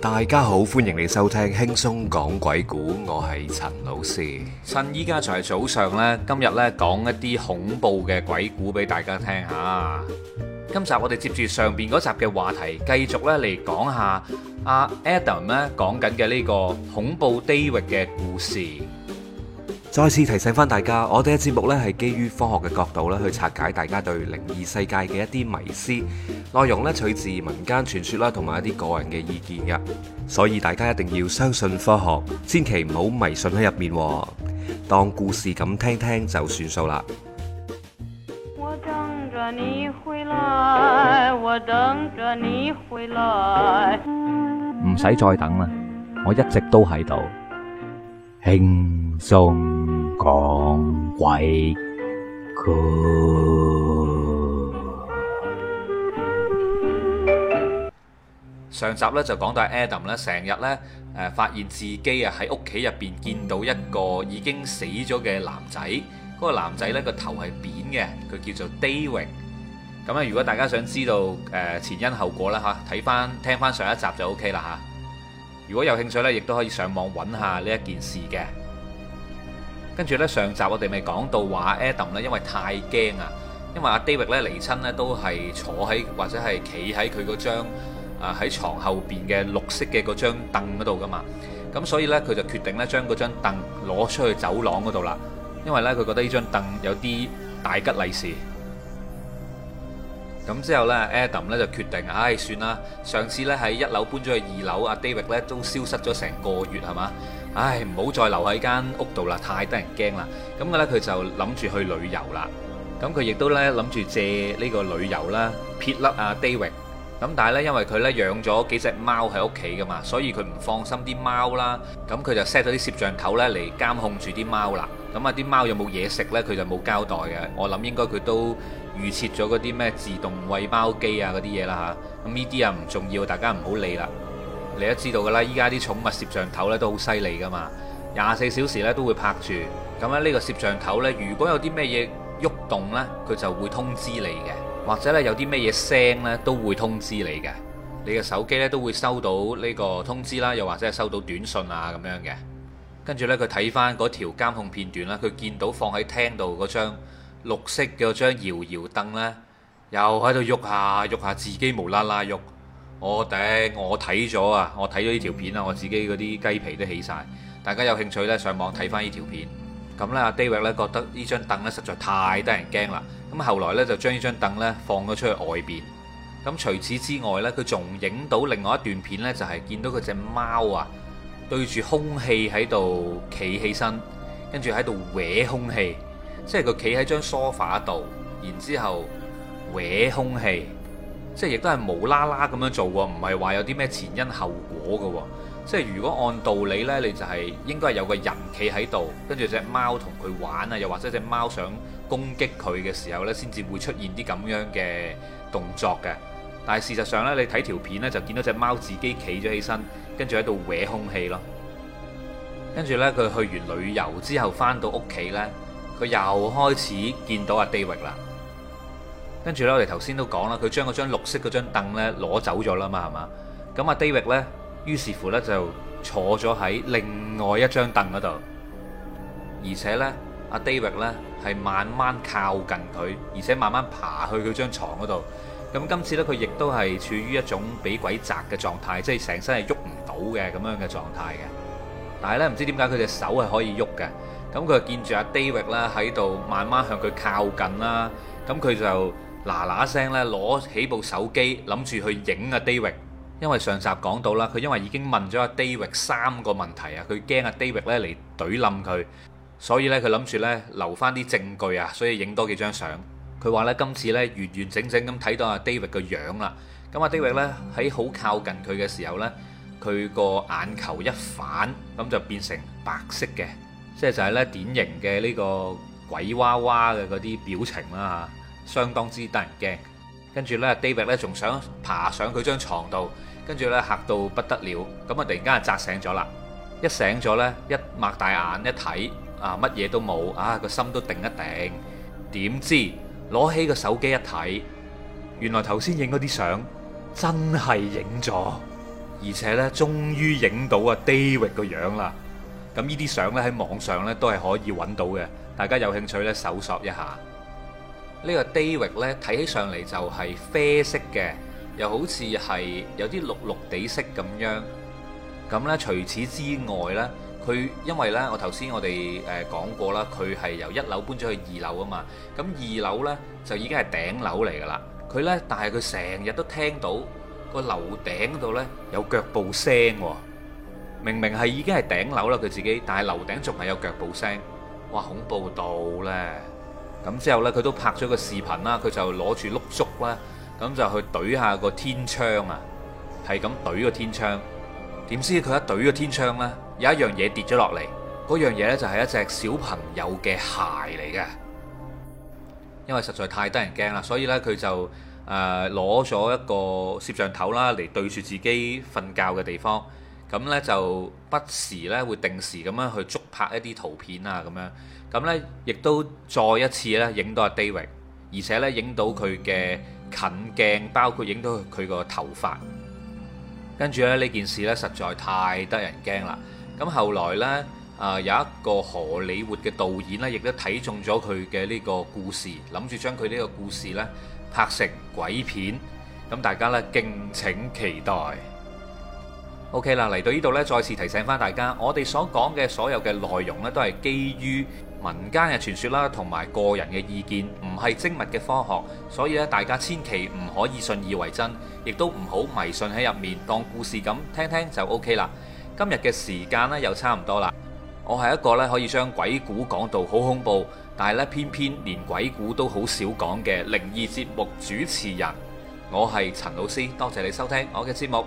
大家好，歡迎你收聽輕鬆講鬼故。我係陳老師。趁依家就係早上咧，今日咧講一啲恐怖嘅鬼故俾大家聽吓。今集我哋接住上邊嗰集嘅話題，繼續咧嚟講下阿 Adam 咧講緊嘅呢個恐怖 David 嘅故事。再次提醒翻大家，我哋嘅節目呢係基於科學嘅角度咧去拆解大家對靈異世界嘅一啲迷思，內容咧取自民間傳說啦，同埋一啲個人嘅意見嘅，所以大家一定要相信科學，千祈唔好迷信喺入面，當故事咁聽聽就算數啦。我等著你回來，我等著你回來。唔使再等啦，我一直都喺度，輕鬆。.講鬼上集咧就講到 Adam 咧成日咧誒，發現自己啊喺屋企入邊見到一個已經死咗嘅男仔，嗰、那個男仔咧個頭係扁嘅，佢叫做 David。咁咧如果大家想知道誒、呃、前因後果咧吓，睇翻聽翻上一集就 OK 啦吓。如果有興趣咧，亦都可以上網揾下呢一件事嘅。跟住呢，上集我哋咪講到話 Adam 呢，因為太驚啊，因為阿 David 呢，離親呢，都係坐喺或者係企喺佢嗰張呃，喺床後邊嘅綠色嘅嗰張凳嗰度噶嘛，咁所以呢，佢就決定呢，將嗰張凳攞出去走廊嗰度啦，因為呢，佢覺得呢張凳有啲大吉利是。咁之後呢 Adam 咧就決定，唉、哎，算啦，上次呢，喺一樓搬咗去二樓，阿 David 咧都消失咗成個月係嘛？唉，唔好再留喺間屋度啦，太得人驚啦。咁佢呢，佢就諗住去旅遊啦。咁佢亦都呢，諗住借呢個旅遊啦，撇甩阿 David。咁但係咧，因為佢咧養咗幾隻貓喺屋企噶嘛，所以佢唔放心啲貓啦，咁佢就 set 咗啲攝像頭咧嚟監控住啲貓啦。咁啊，啲貓有冇嘢食呢？佢就冇交代嘅。我諗應該佢都預設咗嗰啲咩自動餵貓機啊嗰啲嘢啦嚇。咁呢啲啊唔重要，大家唔好理啦。你都知道噶啦，依家啲寵物攝像頭咧都好犀利噶嘛，廿四小時咧都會拍住。咁咧呢個攝像頭呢，如果有啲咩嘢喐動呢，佢就會通知你嘅。或者咧有啲咩嘢聲咧，都會通知你嘅。你嘅手機咧都會收到呢個通知啦，又或者係收到短信啊咁樣嘅。跟住呢，佢睇翻嗰條監控片段啦，佢見到放喺廳度嗰張綠色嘅張搖搖凳呢，又喺度喐下喐下自己無啦啦喐。我頂，我睇咗啊，我睇咗呢條片啦，我自己嗰啲雞皮都起晒。大家有興趣呢，上網睇翻呢條片。咁咧，阿 David 咧覺得呢張凳咧實在太得人驚啦！咁後來咧就將呢張凳咧放咗出去外邊。咁除此之外咧，佢仲影到另外一段片咧，就係見到佢隻貓啊對住空氣喺度企起身，跟住喺度搲空氣，即係佢企喺張梳化度，然之後搲空氣，即係亦都係無啦啦咁樣做喎，唔係話有啲咩前因後果嘅喎。即係如果按道理呢，你就係應該有個人企喺度，跟住隻貓同佢玩啊，又或者隻貓想攻擊佢嘅時候呢，先至會出現啲咁樣嘅動作嘅。但係事實上呢，你睇條片呢，就見到隻貓自己企咗起身，跟住喺度搲空氣咯。跟住呢，佢去完旅遊之後翻到屋企呢，佢又開始見到阿 David 啦。跟住呢，我哋頭先都講啦，佢將嗰張綠色嗰張凳呢攞走咗啦嘛，係嘛？咁阿 David 咧。於是乎咧，就坐咗喺另外一張凳嗰度，而且呢，阿 David 咧係慢慢靠近佢，而且慢慢爬去佢張床嗰度。咁今次呢，佢亦都係處於一種俾鬼閘嘅狀態，即係成身係喐唔到嘅咁樣嘅狀態嘅。但係咧，唔知點解佢隻手係可以喐嘅。咁佢就見住阿 David 咧喺度慢慢向佢靠近啦，咁佢就嗱嗱聲咧攞起部手機，諗住去影阿 David。因為上集講到啦，佢因為已經問咗阿 David 三個問題啊，佢驚阿 David 咧嚟懟冧佢，所以咧佢諗住咧留翻啲證據啊，所以影多幾張相。佢話咧今次咧完完整整咁睇到阿 David 個樣啦。咁阿 David 咧喺好靠近佢嘅時候咧，佢個眼球一反，咁就變成白色嘅，即係就係咧典型嘅呢個鬼娃娃嘅嗰啲表情啦嚇，相當之得人驚。跟住呢 David 仲想爬上佢張床度，跟住呢，吓到不得了，咁啊突然間啊，扎醒咗啦，一醒咗呢，一擘大眼一睇，啊乜嘢都冇，啊個心都定一定，點知攞起個手機一睇，原來頭先影嗰啲相真係影咗，而且呢，終於影到阿 David 個樣啦，咁呢啲相呢，喺網上呢都係可以揾到嘅，大家有興趣呢，搜索一下。呢個低域呢睇起上嚟就係啡色嘅，又好似係有啲綠綠哋色咁樣。咁呢除此之外呢，佢因為呢我頭先我哋誒講過啦，佢係由一樓搬咗去二樓啊嘛。咁二樓呢就已經係頂樓嚟噶啦。佢呢但係佢成日都聽到個樓頂度呢有腳步聲喎。明明係已經係頂樓啦，佢自己，但係樓頂仲係有腳步聲，哇，恐怖到呢！咁之後呢，佢都拍咗個視頻啦，佢就攞住碌竹啦，咁就去懟下個天窗啊，係咁懟個天窗。點知佢一懟個天窗呢，有一樣嘢跌咗落嚟，嗰樣嘢呢，就係一隻小朋友嘅鞋嚟嘅。因為實在太得人驚啦，所以呢，佢就誒攞咗一個攝像頭啦嚟對住自己瞓覺嘅地方。咁咧就不時咧會定時咁樣去捉拍一啲圖片啊咁樣，咁咧亦都再一次咧影到阿 David，而且咧影到佢嘅近鏡，包括影到佢個頭髮。跟住咧呢件事咧實在太得人驚啦！咁後來咧啊、呃、有一個荷里活嘅導演咧亦都睇中咗佢嘅呢個故事，諗住將佢呢個故事咧拍成鬼片，咁大家咧敬請期待。O.K. 啦，嚟到呢度咧，再次提醒翻大家，我哋所講嘅所有嘅內容咧，都係基於民間嘅傳說啦，同埋個人嘅意見，唔係精密嘅科學，所以咧，大家千祈唔可以信以為真，亦都唔好迷信喺入面，當故事咁聽聽就 O.K. 啦。今日嘅時間咧又差唔多啦，我係一個咧可以將鬼故講到好恐怖，但係咧偏偏連鬼故都好少講嘅靈異節目主持人，我係陳老師，多謝你收聽我嘅節目。